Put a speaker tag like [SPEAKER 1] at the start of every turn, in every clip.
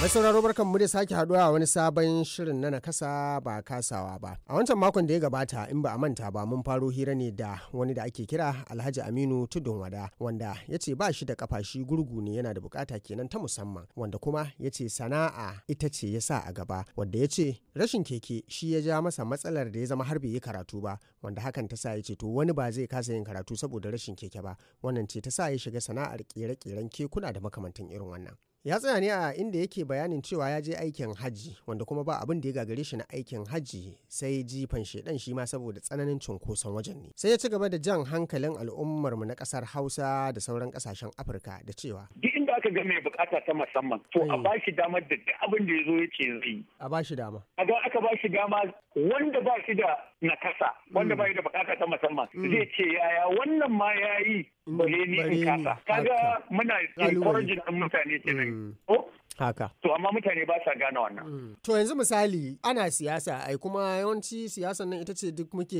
[SPEAKER 1] Mai sauraro barkan mu da sake haduwa a wani sabon shirin na nakasa ba kasawa ba. A wancan makon da ya gabata in ba a manta ba mun faro hira ne da wani da ake kira Alhaji Aminu Tudun Wada wanda ya ce ba shi da kafa shi gurgu ne yana da bukata kenan ta musamman wanda kuma ya ce sana'a ita ce ya sa a gaba wanda ya ce rashin keke shi ya ja masa matsalar da ya zama har bai yi karatu ba wanda hakan ta sa ya ce to wani ba zai kasa yin karatu saboda rashin keke ba wannan ce ta sa ya shiga sana'ar kere-keren kekuna da makamantan irin wannan. ya tsaya ne a inda yake bayanin cewa ya je aikin hajji wanda kuma ba abin da ya gagare shi na aikin hajji sai jifan shedan shi ma saboda tsananin cunkoson wajen ne sai ya ci gaba da jan hankalin al'ummar mu na kasar hausa da sauran kasashen afirka da cewa
[SPEAKER 2] duk inda aka ga mai bukata ta musamman to a hmm. ba damar da duk abin da ya zo ya ce zai a ba shi dama a ga aka ba shi dama wanda ba shi da nakasa wanda hmm. ba shi da bukata ta musamman hmm. zai ce yaya wannan ma ya yi bare ni in kasa kaga muna encouraging mutane kenan mm. ko Haka. To amma mutane ba sa gane wannan. Mm.
[SPEAKER 1] To yanzu misali ana siyasa ai kuma yawanci siyasan nan ita ce duk muke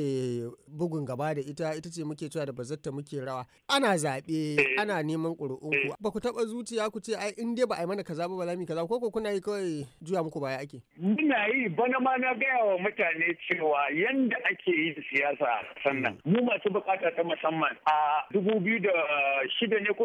[SPEAKER 1] bugun gaba da ita ita ce muke cewa da bazatta muke rawa. Ana zaɓe eh. ana neman ƙuri'unku. Eh. Ba ku taɓa zuciya ku ce ai in dai ba a yi mana kaza ba balami kaza ko ko kuna yi kawai juya muku baya ake. Muna yi bana
[SPEAKER 2] ma na gaya wa mutane cewa yanda ake yin siyasa sannan mm. mu masu bukata ta musamman a dubu biyu da shida ne ko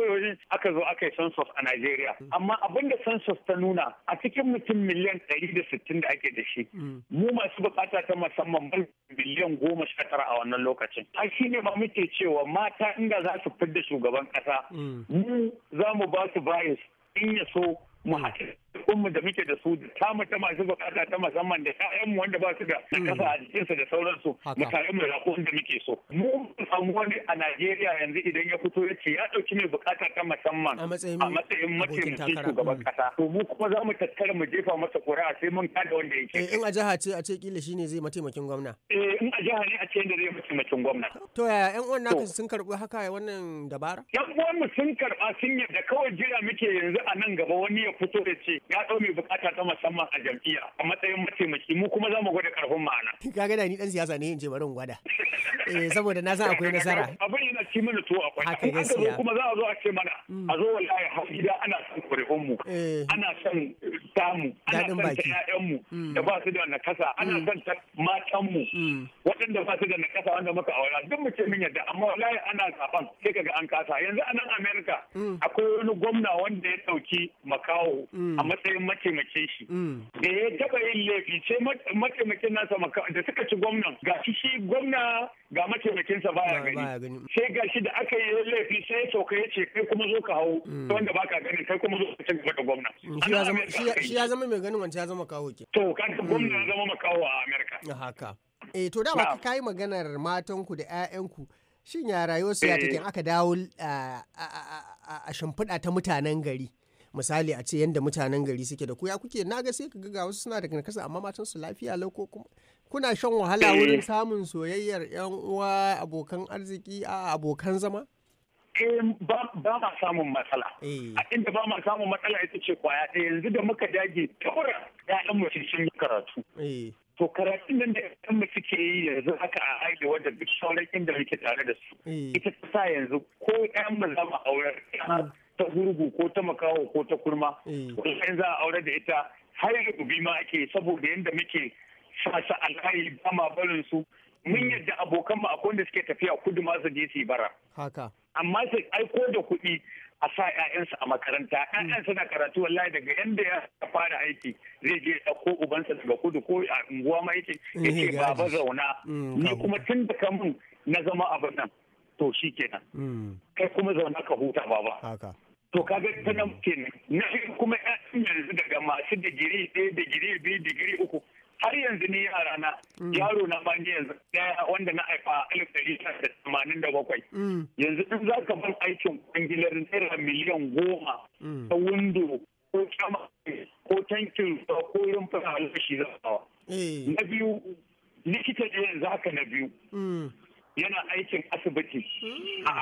[SPEAKER 2] aka zo aka yi census a Najeriya. Mm. Amma abin da census sassa nuna a cikin mutum miliyan ɗari da sittin da ake da shi mm. mu masu bukata ta musamman ban miliyan goma sha tara a wannan lokacin a shi ne ma muke cewa mata inda za su fidda shugaban ƙasa mm. mu za mu ba su bias in ya so mu haɗe mu da muke da su ta mu ta masu bukata ta musamman da ƴaƴanmu wanda ba su da kafa mm. a jikinsu da sauransu mu tare mu rako da muke so mu samu wani a Najeriya yanzu idan ya fito ya ce ya ɗauki mai bukata ta musamman a matsayin mataimakin mm. shugaban kasa to mu kuma za mu tattara mu jefa masa ƙuri'a sai mun kada wanda yake eh, in a
[SPEAKER 1] jiha ce a ce kila shine zai mataimakin gwamna
[SPEAKER 2] eh in a jiha ne a ce yanda zai mataimakin gwamna
[SPEAKER 1] to yaya ƴan uwan naka sun karɓi haka wannan dabara
[SPEAKER 2] ƴan uwan mu sun karɓa sun yadda kawai jira muke yanzu a nan gaba wani ya fito ya ce ya ya ɗau mai bukata ta musamman a jam'iyya a matsayin mataimaki mu kuma za mu gwada karfin ma'ana.
[SPEAKER 1] Ka gada ni ɗan siyasa ne in ce bari in gwada. Eh saboda na san akwai nasara.
[SPEAKER 2] Abin yana ci mana tuwo akwai. Haka gaskiya. Kuma za a zo a ce mana mm. a zo wallahi hau gida ana son ƙuri'un mu. Eh. Ana son samu ana son ta ƴaƴanmu mm. da ba su da nakasa ana mm. son ta matanmu mm. waɗanda ba su da nakasa wanda muka aura duk mu ce min yadda amma wallahi ana zaban sai kaga an kasa yanzu a nan America akwai wani gwamna wanda ya ɗauki makaho a matsayin mataimakin shi da ya taɓa yin laifi ce mataimakin nasa da suka ci gwamnan ga shi gwamna ga mataimakinsa baya gani sai ga shi da aka yi laifi sai ya sauka ya ce kai kuma zo ka hau wanda baka gani kai kuma zo ka ci gaba da gwamna shi
[SPEAKER 1] ya zama mai ganin wancan ya zama kawo ke to kaga gwamna ya hmm.
[SPEAKER 2] zama makawo a amerika haka
[SPEAKER 1] eh to da ka yi maganar matanku da 'ya'yanku shin ya su ya take eh. aka dawo a shimfiɗa ta mutanen gari misali a ce yadda mutanen gari suke da kuya kuke na ga sai ka ga wasu suna da kankasa amma matan su lafiya lau ko kuma kuna shan wahala wurin eh. samun soyayyar yan uwa abokan arziki
[SPEAKER 2] a abokan zama Eh, ba ma samun matsala. Eh. A inda ba ma samun matsala ita ce kwaya ɗaya yanzu da muka dage taura ‘ya'yan mu sun yi karatu. Eh. To karatun nan da ‘ya'yan mu suke yi yanzu haka a aiki wadda duk sauran inda muke tare da su. Ita ta sa yanzu ko yan mu zama aure hmm. ta gurgu ko ta makaho ko ta kurma. Kullum za a aure da ita har rubi ma ake saboda yadda muke sa su layi ba ma barin su. Mun hmm. yadda abokanmu akwai wanda suke tafiya kudu ma su je su yi bara. Haka. amma su aiko da kuɗi a sa 'ya'yansa a makaranta 'ya'yansa na karatu wallahi daga yanda ya fara aiki zai je ɗauko ubansa daga kudu ko a unguwa ma yake yake baba zauna mm, ni kuma tun da kamun na zama abin nan to shi kenan mm. kai kuma zauna ka huta baba to kaga ta nan kenan na kuma 'ya'yan yanzu daga masu digiri ɗaya digiri biyu digiri uku har yanzu ni yara na mm. yaro na ma yanzu daya wanda na haifa alif dari da tamanin da bakwai mm. yanzu duk za ka bar aikin kwangilar naira miliyan goma mm. ta windo ko kyama ko tankin ko rumfar halashi za a eh. na biyu likita ne yanzu haka na biyu yana aikin asibiti a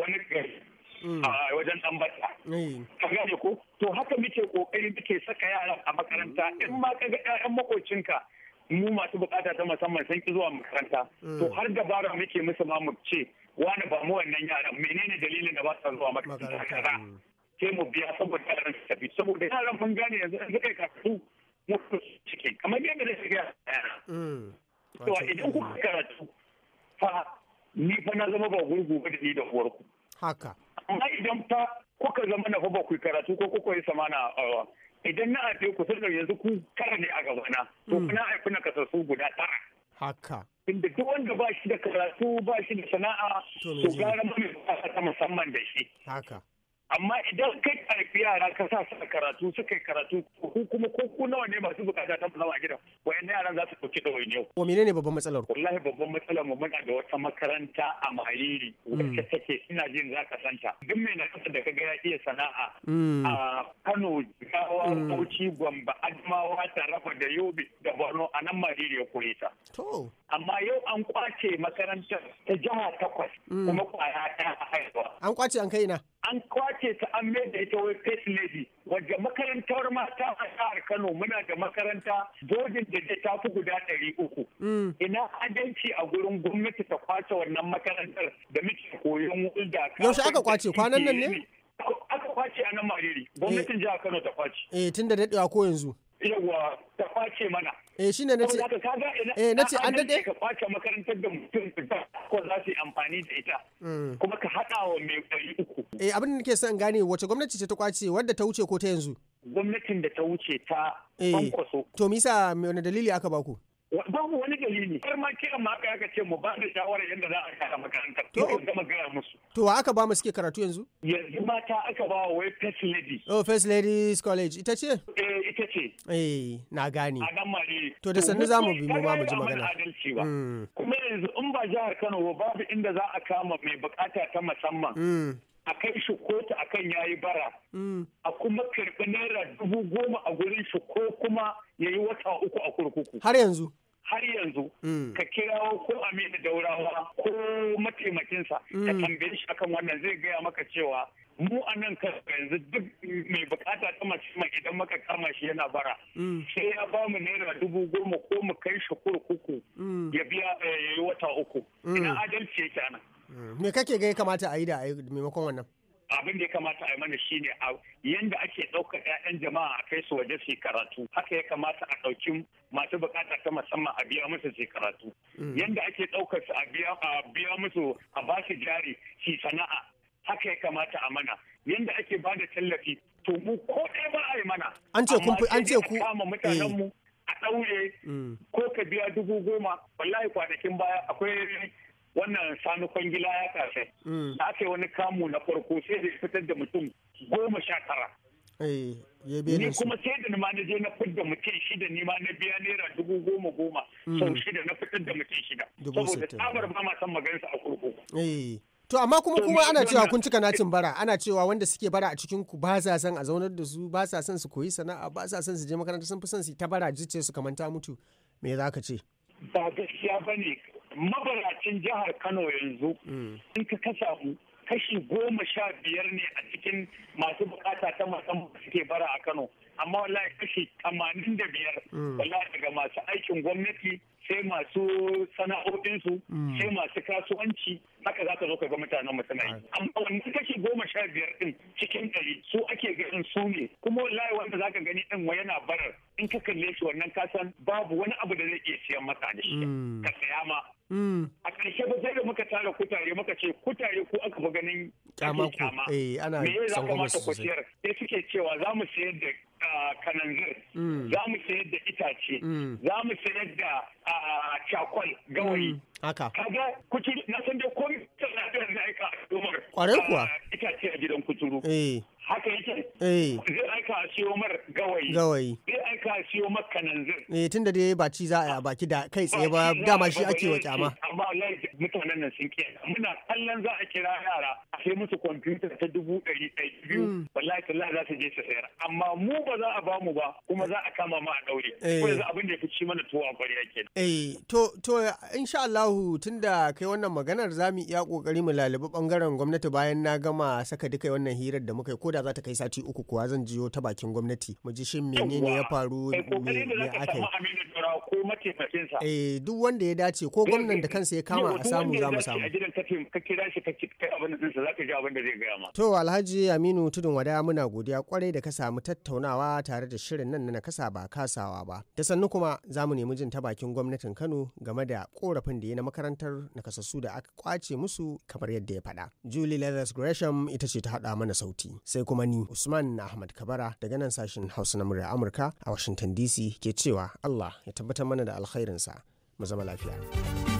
[SPEAKER 2] wani gari Mm. a ah, wajen ambata ka gane ko to haka muke ƙoƙari muke saka yara a makaranta in ma ka ga ƴaƴan makocinka mu masu bukata ta musamman sun ki zuwa makaranta to mm. har da dabara muke musu ma mu ce wani ba mu wannan yaran menene dalilin da ba sa zuwa makaranta sai mu biya saboda yaran su tafi saboda yaran mun gane yanzu an kai kasu mu ciki kamar yadda da shiga
[SPEAKER 1] mm. to idan kuka karatu
[SPEAKER 2] fa ni fa na zama ba gurgu ba da ni da uwarku haka idan fa kuka zama na fa ba ku karatu ko kuka yi samana uh, idan na aje ku sun yanzu ku kara ne a gabana to hmm. kuna haifi na su guda tara haka inda duk wanda ba shi da karatu ba shi da sana'a to gara mana ta musamman da shi haka amma idan kai karfi yara ka sa suka karatu suka yi karatu ko kuma ko ku nawa ne masu bukata ta zama a gidan wayannan yaran za su dauki da yau
[SPEAKER 1] ko menene babban matsalar
[SPEAKER 2] wallahi babban matsalar mu muna da wata makaranta a Mariri hmm. wacce take ina jin za ka santa duk mai nakasa da kaga ya iya sana'a hmm. a Kano Jigawa hmm. Bauchi Gombe Adamawa Taraba da Yobe da Borno a nan Mariri ya koyi ta to amma yau an kwace makarantar ta jiha takwas mm. kuma kwaya ta haihuwa. An kwace an kai na. An kwace ta an da ita wai First Lady wadda makarantar mata a jihar Kano muna da makaranta bodin da ta fi guda ɗari uku. Mm. Ina adalci a gurin gwamnati ta kwace wannan makarantar da muke koyon wulda. Yaushe aka kwace kwanan nan ne? Aka kwace a nan Mariri, eh. gwamnatin jihar Kano ta kwace. Eh tun da daɗewa ko yanzu. Yawwa ta kwace mana. eh shine na ce eh na ce an dade ka kwace makarantar da mutum da ko za su yi amfani da ita mm. kuma ka hada wa mai ɗari uku
[SPEAKER 1] eh abin da nake son gane wace gwamnati ce ta kwace wadda ta wuce ko ta yanzu
[SPEAKER 2] gwamnatin da ta wuce ta eh.
[SPEAKER 1] kwankwaso to misa me wani dalili aka
[SPEAKER 2] baku babu wani dalili har ma kiran ma aka aka ce mu ba da shawara yadda za a kara makarantar to gama musu
[SPEAKER 1] to wa aka ba mu suke karatu yanzu
[SPEAKER 2] yanzu mata aka ba wa wai first lady
[SPEAKER 1] oh first lady's college ita ce
[SPEAKER 2] eh ita ce
[SPEAKER 1] eh na gane
[SPEAKER 2] a dan mare to da sannu zamu bi mu ma mu ji magana mm. kuma yanzu in ba jihar Kano babu inda za a kama mai bukata ta musamman mm. a kai shi kotu akan ya yi bara mm. a kuma karɓi naira dubu goma a gurin shi ko kuma ya yi wata uku a kurkuku har yanzu har yanzu mm. ka kirawo ko aminu daurawa ko mataimakinsa ka mm. tambaye shi akan wannan zai gaya maka cewa mu a nan yanzu duk mai bukata ta musamman idan maka kama shi yana bara sai ya ba mu naira dubu goma ko mu kai shi kurkuku ya biya eh, ya yi wata uku ina adalci yake anan
[SPEAKER 1] me kake ga ya kamata a yi da maimakon wannan
[SPEAKER 2] abin da ya kamata a yi mana shine a yanda ake ɗaukar 'ya'yan jama'a a kai su waje su karatu haka ya kamata a ɗauki masu bukata ta musamman a biya musu su karatu mm. yanda ake ɗaukar su a biya musu a ba su jari su sana'a haka ya kamata a mana yanda ake ba da tallafi to mu ko ɗaya ba a yi mana an ce ku an ce ku kama mutanenmu eh. a ɗaure mm. ko ka biya dubu goma wallahi kwanakin baya akwai wannan sanu kwangila ya kafe mm. da aka wani kamu na farko sai da fitar da mutum goma sha tara
[SPEAKER 1] eh, ni kuma
[SPEAKER 2] sai da nima na je na fitar da mutum shida ni ma na biya naira dubu goma goma mm. sau shida na fitar da mutum shida saboda tsabar ba ma san maganarsa a kurkuku eh.
[SPEAKER 1] To amma kuma kuma ana cewa kun cika nacin bara ana cewa wanda suke bara a cikin ku ba sa son a zaunar da su ba sa son su koyi sana'a ba sa son su je makaranta sun fi son su ta bara jice su kamanta mutu me za ka ce?
[SPEAKER 2] Ba gaskiya bane. mabaracin jihar kano yanzu mm. in ka kasa kashi goma sha biyar ne a cikin masu bukata ta musamman suke bara a kano amma wallahi kashi tamanin da biyar mm. wallahi daga masu aikin gwamnati sai masu sana'o'insu mm. sai masu kasuwanci haka za ka zo ka ga mutanen mu amma wannan kashi goma sha biyar din cikin ɗari su ake ganin su ne kuma wallahi wanda za ka gani din wa yana barar in ka kalle shi wannan kasan babu wani abu da zai iya siyan maka da shi mm. ka saya ma mm. a ƙarshe ba zai da muka tara kutare muka ce kutare ko aka fi ganin kyama ko eh ana me ya kamata ku siyar sai suke cewa za mu sayar da ah, kananzir mm. za mu sayar da itace za mu sayar da ah, cakwal gawayi haka kaga kuturu na san dai ta tana da aika domar kwarai kuwa ah, itace a gidan kuturu eh. haka yake eh. zai aika a siyo mar gawayi gawayi ka siyo maka nan zai.
[SPEAKER 1] Eh tun da dai ba ci za a yi baki da kai tsaye ba dama shi ake wa eh, kyama.
[SPEAKER 2] Amma wallahi mutanen nan sun kiyaye muna kallon za a kira yara sai musu kwamfuta ta dubu ɗari ɗari biyu mm. wallahi tallahi za su je su sayar amma mu ba za a bamu ba kuma za a kama ma a ɗaure eh. ko yanzu abin da ya fi ci mana tuwa kwarya ke
[SPEAKER 1] eh to to insha Allahu tunda kai wannan maganar za mu iya kokari mu lalibi bangaren gwamnati bayan na gama saka duka wannan hirar da muka yi ko da za ta kai sati uku kuwa zan jiyo ta bakin gwamnati mu ji shin menene ya faru me aka yi. Nasarawa ko mataimakinsa. Eh duk wanda ya dace ko gwamnan da kansa ya kama a samu za mu samu. zai
[SPEAKER 2] gaya ma.
[SPEAKER 1] To Alhaji Aminu Tudun Wada muna godiya kwarai da ka samu tattaunawa tare da shirin nan na kasa ba kasawa ba. Da sannu kuma za mu nemi jin ta bakin gwamnatin Kano game da korafin da ya na makarantar nakasassu da aka kwace musu kamar yadda ya faɗa. Julie Leathers Gresham ita ce ta haɗa mana sauti. Sai kuma ni Usman Ahmad Kabara daga nan sashen Hausa na murya Amurka a Washington DC ke cewa Allah ya tabbatar mana da alkhairinsa mu zama lafiya.